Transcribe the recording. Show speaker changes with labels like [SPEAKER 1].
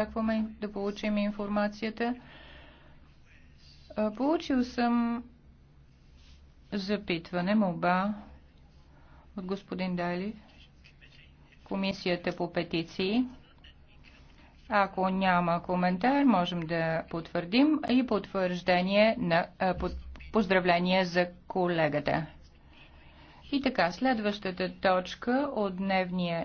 [SPEAKER 1] очакваме да получим информацията. Получил съм запитване, молба от господин Дали, Комисията по петиции. Ако няма коментар, можем да потвърдим и потвърждение на поздравление за колегата. И така, следващата
[SPEAKER 2] точка от дневния